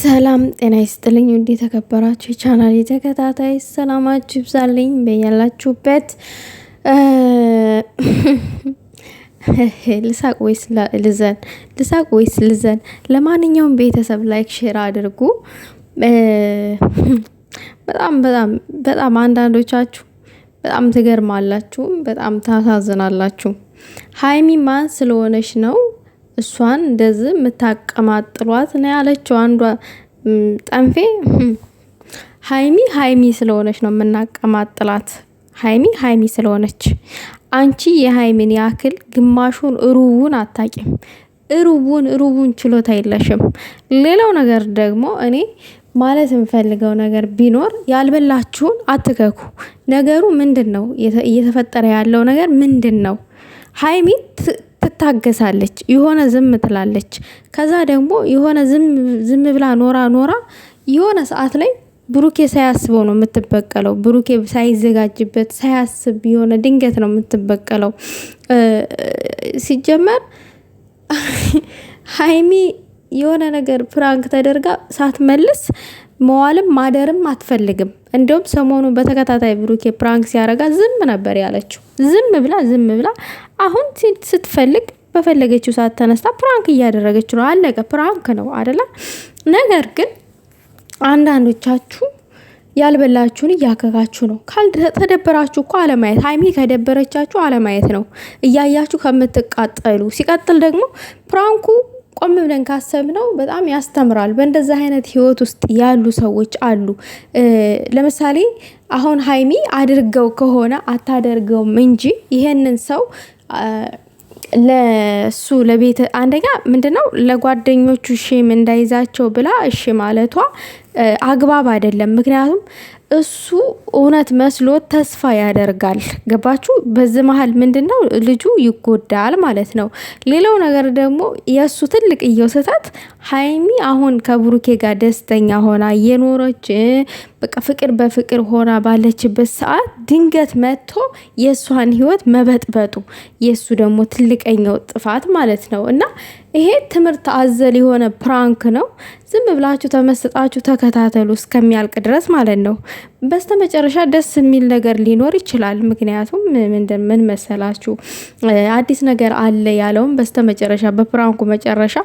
ሰላም ጤና ይስጥልኝ። ውድ የተከበራችሁ የቻናል የተከታታይ ሰላማችሁ ይብዛልኝ በያላችሁበት። ልሳቅ ወይስ ልዘን? ልሳቅ ወይስ ልዘን? ለማንኛውም ቤተሰብ ላይክ፣ ሼር አድርጉ። በጣም በጣም በጣም አንዳንዶቻችሁ በጣም ትገርማላችሁ፣ በጣም ታሳዝናላችሁ። ሀይሚ ማን ስለሆነች ነው እሷን እንደዚህ የምታቀማጥሏት ነው ያለችው። አንዷ ጠንፌ ሀይሚ ሀይሚ ስለሆነች ነው የምናቀማጥላት። ሀይሚ ሀይሚ ስለሆነች አንቺ የሀይሚን ያክል ግማሹን እሩቡን አታቂም። እሩቡን እሩቡን ችሎታ የለሽም። ሌላው ነገር ደግሞ እኔ ማለት የምፈልገው ነገር ቢኖር ያልበላችሁን አትከኩ። ነገሩ ምንድን ነው? እየተፈጠረ ያለው ነገር ምንድን ነው? ሀይሚ ትታገሳለች፣ የሆነ ዝም ትላለች። ከዛ ደግሞ የሆነ ዝም ብላ ኖራ ኖራ የሆነ ሰዓት ላይ ብሩኬ ሳያስበው ነው የምትበቀለው። ብሩኬ ሳይዘጋጅበት ሳያስብ የሆነ ድንገት ነው የምትበቀለው። ሲጀመር ሀይሚ የሆነ ነገር ፕራንክ ተደርጋ ሳትመልስ መዋልም ማደርም አትፈልግም። እንዲሁም ሰሞኑን በተከታታይ ብሩኬ ፕራንክ ሲያረጋ ዝም ነበር ያለችው። ዝም ብላ ዝም ብላ አሁን ስትፈልግ በፈለገችው ሰዓት ተነስታ ፕራንክ እያደረገች ነው። አለቀ። ፕራንክ ነው አደለ? ነገር ግን አንዳንዶቻችሁ ያልበላችሁን እያከካችሁ ነው። ካልተደበራችሁ እኮ አለማየት ሀይሚ ከደበረቻችሁ አለማየት ነው እያያችሁ ከምትቃጠሉ። ሲቀጥል ደግሞ ፕራንኩ ቆም ብለን ካሰብነው በጣም ያስተምራል። በእንደዛ አይነት ህይወት ውስጥ ያሉ ሰዎች አሉ። ለምሳሌ አሁን ሀይሚ አድርገው ከሆነ አታደርገውም እንጂ ይሄንን ሰው ለሱ ለቤተ አንደኛ ምንድነው ለጓደኞቹ ሼም እንዳይዛቸው ብላ እሺ ማለቷ አግባብ አይደለም። ምክንያቱም እሱ እውነት መስሎት ተስፋ ያደርጋል። ገባችሁ? በዚህ መሀል ምንድን ነው ልጁ ይጎዳል ማለት ነው። ሌላው ነገር ደግሞ የእሱ ትልቅ እየውሰታት ሀይሚ አሁን ከብሩኬ ጋር ደስተኛ ሆና የኖረች በቃ ፍቅር በፍቅር ሆና ባለችበት ሰዓት ድንገት መጥቶ የእሷን ህይወት መበጥበጡ የእሱ ደግሞ ትልቀኛው ጥፋት ማለት ነው እና ይሄ ትምህርት አዘል የሆነ ፕራንክ ነው። ዝም ብላችሁ ተመስጣችሁ ተከታተሉ እስከሚያልቅ ድረስ ማለት ነው። በስተመጨረሻ ደስ የሚል ነገር ሊኖር ይችላል። ምክንያቱም ምን መሰላችሁ አዲስ ነገር አለ ያለውም በስተመጨረሻ በፕራንኩ መጨረሻ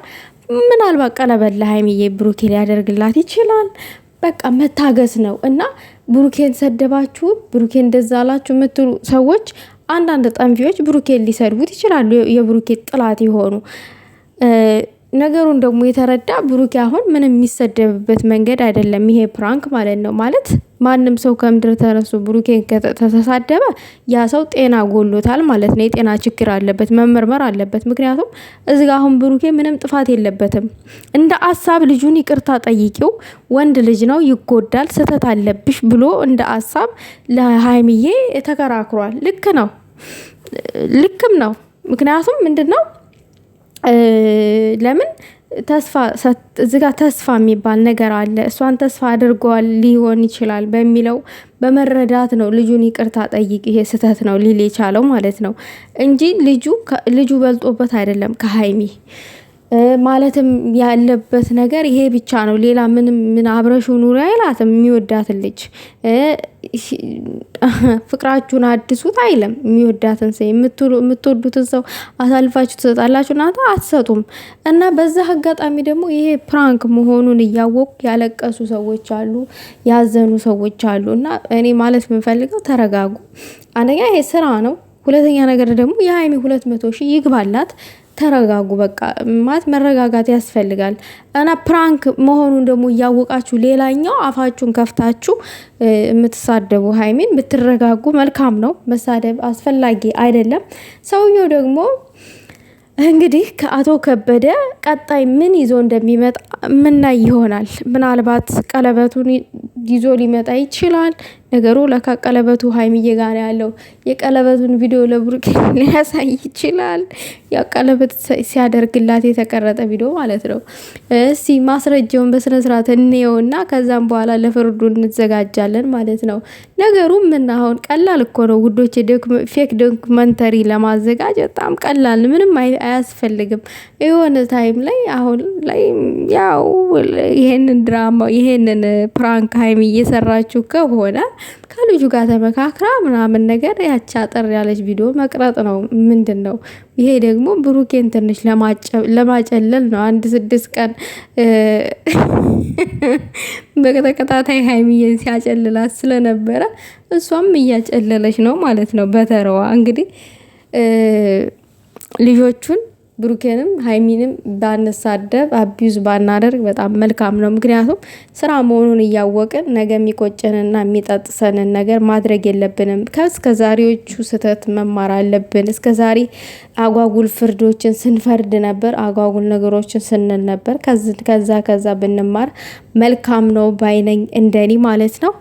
ምናልባት ቀለበት ለሀይሚዬ ብሩኬ ሊያደርግላት ይችላል። በቃ መታገስ ነው እና ብሩኬን ሰደባችሁ፣ ብሩኬን እንደዛ አላችሁ የምትሉ ሰዎች አንዳንድ ጠንፊዎች ብሩኬን ሊሰድቡት ይችላሉ። የብሩኬ ጥላት የሆኑ ነገሩን ደግሞ የተረዳ ብሩኬ አሁን ምንም የሚሰደብበት መንገድ አይደለም። ይሄ ፕራንክ ማለት ነው። ማለት ማንም ሰው ከምድር ተነሱ ብሩኬን ከተሳደበ ያ ሰው ጤና ጎሎታል ማለት ነው። የጤና ችግር አለበት፣ መመርመር አለበት። ምክንያቱም ጋ አሁን ብሩኬ ምንም ጥፋት የለበትም። እንደ አሳብ ልጁን ይቅርታ ጠይቂው፣ ወንድ ልጅ ነው፣ ይጎዳል፣ ስህተት አለብሽ ብሎ እንደ አሳብ ለሀይምዬ ተከራክሯል። ልክ ነው፣ ልክም ነው። ምክንያቱም ምንድን ነው ለምን ተስፋ ተስፋ የሚባል ነገር አለ። እሷን ተስፋ አድርጓል ሊሆን ይችላል በሚለው በመረዳት ነው ልጁን ይቅርታ ጠይቅ፣ ይሄ ስህተት ነው ሊል የቻለው ማለት ነው እንጂ ልጁ ልጁ በልጦበት አይደለም ከሀይሚ ማለትም ያለበት ነገር ይሄ ብቻ ነው። ሌላ ምን ምን አብረሹ ኑሪ አይላትም። የሚወዳት ልጅ ፍቅራችሁን አድሱት አይለም። የሚወዳትን ሰው የምትወዱትን ሰው አሳልፋችሁ ትሰጣላችሁ እናንተ አትሰጡም። እና በዛ አጋጣሚ ደግሞ ይሄ ፕራንክ መሆኑን እያወቁ ያለቀሱ ሰዎች አሉ፣ ያዘኑ ሰዎች አሉ። እና እኔ ማለት የምንፈልገው ተረጋጉ። አንደኛ ይሄ ስራ ነው። ሁለተኛ ነገር ደግሞ የሀይሚ ሁለት መቶ ሺህ ይግባላት። ተረጋጉ። በቃ ማለት መረጋጋት ያስፈልጋል እና ፕራንክ መሆኑን ደግሞ እያወቃችሁ ሌላኛው አፋችሁን ከፍታችሁ የምትሳደቡ ሀይሚን ብትረጋጉ መልካም ነው። መሳደብ አስፈላጊ አይደለም። ሰውየው ደግሞ እንግዲህ ከአቶ ከበደ ቀጣይ ምን ይዞ እንደሚመጣ ምናይ ይሆናል። ምናልባት ቀለበቱን ይዞ ሊመጣ ይችላል። ነገሩ ለካ ቀለበቱ ሀይሚዬ ጋር ያለው የቀለበቱን ቪዲዮ ለብሩኬ ሊያሳይ ይችላል። ያው ቀለበት ሲያደርግላት የተቀረጠ ቪዲዮ ማለት ነው። እስቲ ማስረጃውን በስነስርዓት እንየው እና ከዛም በኋላ ለፍርዱ እንዘጋጃለን ማለት ነው። ነገሩም ምን አሁን ቀላል እኮ ነው ውዶች፣ ፌክ ዶክመንተሪ ለማዘጋጅ በጣም ቀላል ምንም አያስፈልግም። የሆነ ታይም ላይ አሁን ላይ ያው ይሄንን ድራማ ይሄንን ፕራንክ ሀይሚ እየሰራችሁ ከሆነ ከልጁ ጋር ተመካክራ ምናምን ነገር ያቺ አጠር ያለች ቪዲዮ መቅረጥ ነው። ምንድን ነው ይሄ ደግሞ ብሩኬን ትንሽ ለማጨለል ነው። አንድ ስድስት ቀን በተከታታይ ሀይሚዬን ሲያጨልላት ስለነበረ እሷም እያጨለለች ነው ማለት ነው። በተረዋ እንግዲህ ልጆቹን ብሩኬንም ሀይሚንም ባንሳደብ አቢዩዝ ባናደርግ በጣም መልካም ነው። ምክንያቱም ስራ መሆኑን እያወቅን ነገ የሚቆጨንና የሚጠጥሰንን ነገር ማድረግ የለብንም። ከእስከ ዛሬዎቹ ስህተት መማር አለብን። እስከ ዛሬ አጓጉል ፍርዶችን ስንፈርድ ነበር፣ አጓጉል ነገሮችን ስንል ነበር። ከዛ ከዛ ብንማር መልካም ነው ባይነኝ እንደኔ ማለት ነው።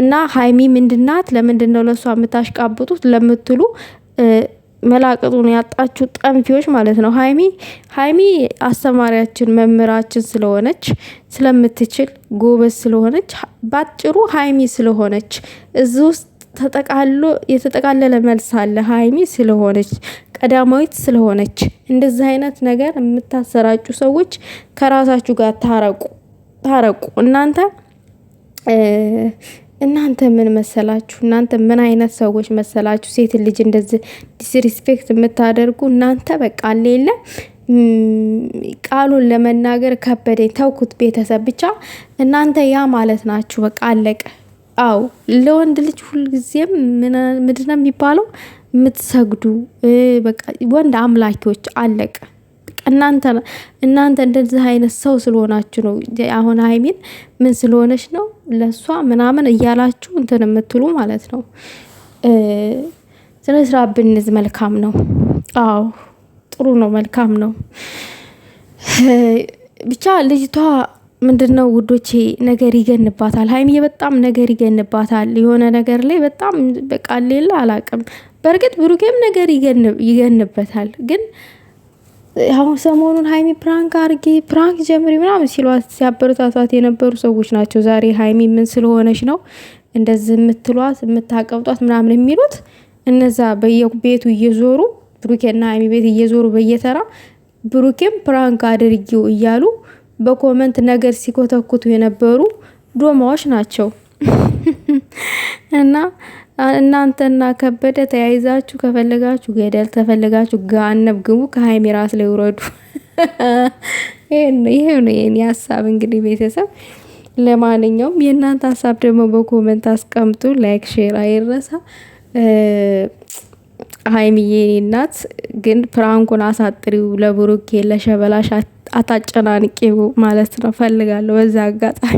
እና ሀይሚ ምንድናት? ለምንድን ነው ለእሷ የምታሽቃብጡት ለምትሉ መላቅጡን ያጣችሁ ጠንፊዎች ማለት ነው። ሀይሚ ሀይሚ አስተማሪያችን መምህራችን ስለሆነች ስለምትችል ጎበዝ ስለሆነች ባጭሩ ሀይሚ ስለሆነች እዚህ ውስጥ ተጠቃሎ የተጠቃለለ መልስ አለ። ሀይሚ ስለሆነች ቀዳማዊት ስለሆነች እንደዚህ አይነት ነገር የምታሰራጩ ሰዎች ከራሳችሁ ጋር ታረቁ ታረቁ እናንተ እናንተ ምን መሰላችሁ? እናንተ ምን አይነት ሰዎች መሰላችሁ? ሴት ልጅ እንደዚህ ዲስሪስፔክት የምታደርጉ እናንተ በቃ ሌለ ቃሉን ለመናገር ከበደኝ። ተውኩት ቤተሰብ ብቻ እናንተ ያ ማለት ናችሁ። በቃ አለቀ። አው ለወንድ ልጅ ሁልጊዜም ምንድነው የሚባለው? የምትሰግዱ በቃ ወንድ አምላኪዎች አለቀ። እናንተ እናንተ እንደዚህ አይነት ሰው ስለሆናችሁ ነው። አሁን ሀይሚን ምን ስለሆነች ነው ለእሷ ምናምን እያላችሁ እንትን የምትሉ ማለት ነው። ስነ ስራ ብንዝ መልካም ነው። አዎ ጥሩ ነው፣ መልካም ነው። ብቻ ልጅቷ ምንድን ነው ውዶቼ፣ ነገር ይገንባታል። ሀይሚዬ በጣም ነገር ይገንባታል። የሆነ ነገር ላይ በጣም በቃ ሌላ አላቅም። በእርግጥ ብሩኬም ነገር ይገንበታል ግን አሁን ሰሞኑን ሀይሚ ፕራንክ አርጊ ፕራንክ ጀምሪ ምናምን ሲሏት ሲያበረታቷት የነበሩ ሰዎች ናቸው። ዛሬ ሀይሚ ምን ስለሆነች ነው እንደዚህ የምትሏት የምታቀብጧት ምናምን የሚሉት እነዛ በየቤቱ እየዞሩ ብሩኬና ሀይሚ ቤት እየዞሩ በየተራ ብሩኬም ፕራንክ አድርጊው እያሉ በኮመንት ነገር ሲኮተኩቱ የነበሩ ዶማዎች ናቸው እና እናንተና ከበደ ተያይዛችሁ ከፈለጋችሁ ገደል ከፈለጋችሁ ገሃነም ግቡ፣ ከሀይሚ ራስ ላይ ውረዱ። ይሄ ነው የኔ ሀሳብ። እንግዲህ ቤተሰብ ለማንኛውም የእናንተ ሀሳብ ደግሞ በኮመንት አስቀምጡ። ላይክ ሼር አይረሳ። ሀይሚዬ የኔ እናት ግን ፕራንኩን አሳጥሪው፣ ለብሩኬ ለሸበላሽ አታጨናንቂው ማለት ነው ፈልጋለሁ በዛ አጋጣሚ